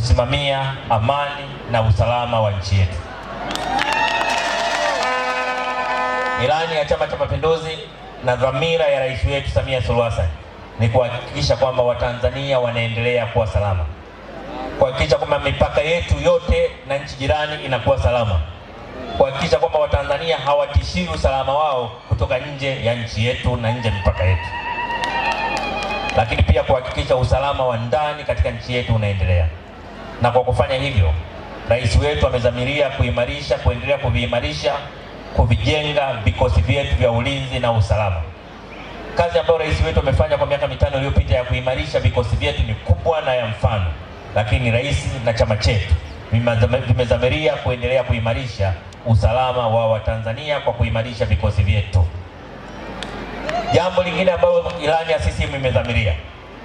kusimamia amani na usalama wa nchi yetu. Ilani ya Chama cha Mapinduzi na dhamira ya rais wetu Samia Suluhu Hassan ni kuhakikisha kwamba Watanzania wanaendelea kuwa salama, kuhakikisha kwamba mipaka yetu yote na nchi jirani inakuwa salama, kuhakikisha kwamba Watanzania hawatishiwi usalama wao kutoka nje ya nchi yetu na nje ya mipaka yetu, lakini pia kuhakikisha usalama wa ndani katika nchi yetu unaendelea na kwa kufanya hivyo rais wetu amezamiria kuimarisha, kuendelea kuviimarisha, kuvijenga vikosi vyetu vya ulinzi na usalama. Kazi ambayo rais wetu amefanya kwa miaka mitano iliyopita ya kuimarisha vikosi vyetu ni kubwa na ya mfano, lakini rais na chama chetu vimezamiria kuendelea kuimarisha usalama wa Watanzania kwa kuimarisha vikosi vyetu. Jambo lingine ambalo ilani ya CCM imezamiria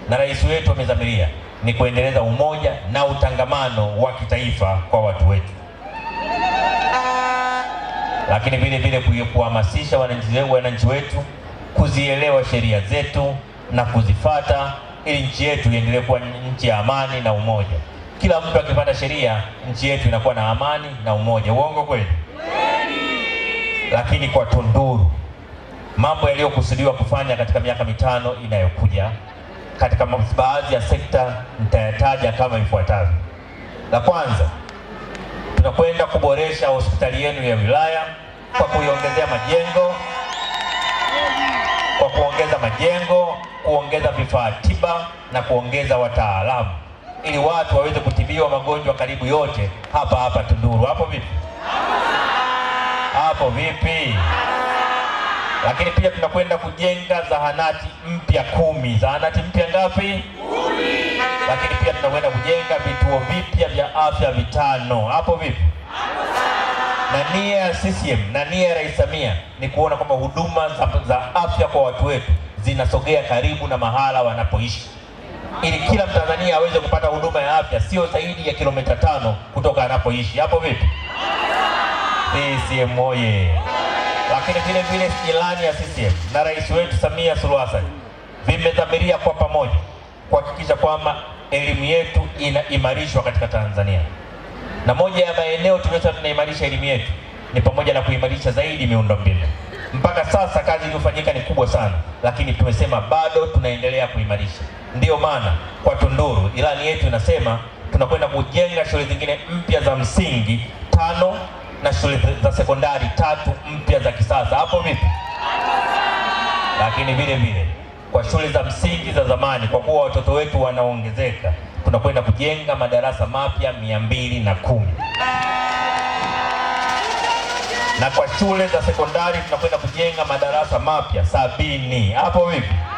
na rais wetu amezamiria ni kuendeleza umoja na utangamano wa kitaifa kwa watu wetu, lakini vile vile kuhamasisha wananchi wetu kuzielewa sheria zetu na kuzifata ili nchi yetu iendelee kuwa nchi ya amani na umoja. Kila mtu akipata sheria, nchi yetu inakuwa na amani na umoja. Uongo kweli? Lakini kwa Tunduru, mambo yaliyokusudiwa kufanya katika miaka mitano inayokuja katika baadhi ya sekta nitayataja kama ifuatavyo. La kwanza, tunakwenda kuboresha hospitali yenu ya wilaya kwa kuiongezea majengo, kwa kuongeza majengo, kuongeza vifaa tiba na kuongeza wataalamu ili watu waweze kutibiwa magonjwa karibu yote hapa hapa Tunduru. Hapo vipi? Hapo vipi? lakini pia tunakwenda kujenga zahanati mpya kumi. Zahanati mpya ngapi? Kumi. Lakini pia tunakwenda kujenga vituo vipya vya afya vitano. Hapo vipi? Na nia ya CCM na nia ya Rais Samia ni kuona kwamba huduma za, za afya kwa watu wetu zinasogea karibu na mahala wanapoishi ili kila Mtanzania aweze kupata huduma ya afya sio zaidi ya kilomita tano kutoka anapoishi. Hapo vipi? CCM oye! lakini vile vile ilani ya CCM na rais wetu Samia Suluhu Hassan vimedhamiria kwa pamoja kuhakikisha kwamba elimu yetu inaimarishwa katika Tanzania, na moja ya maeneo tuliweza tunaimarisha elimu yetu ni pamoja na kuimarisha zaidi miundombinu. Mpaka sasa kazi iliyofanyika ni kubwa sana, lakini tumesema bado tunaendelea kuimarisha. Ndiyo maana kwa Tunduru ilani yetu inasema tunakwenda kujenga shule zingine mpya za msingi tano na shule za sekondari tatu mpya za kisasa. Hapo vipi? Lakini vile vile kwa shule za msingi za zamani, kwa kuwa watoto wetu wanaongezeka, tunakwenda kujenga madarasa mapya mia mbili na kumi na kwa shule za sekondari tunakwenda kujenga madarasa mapya sabini. Hapo vipi?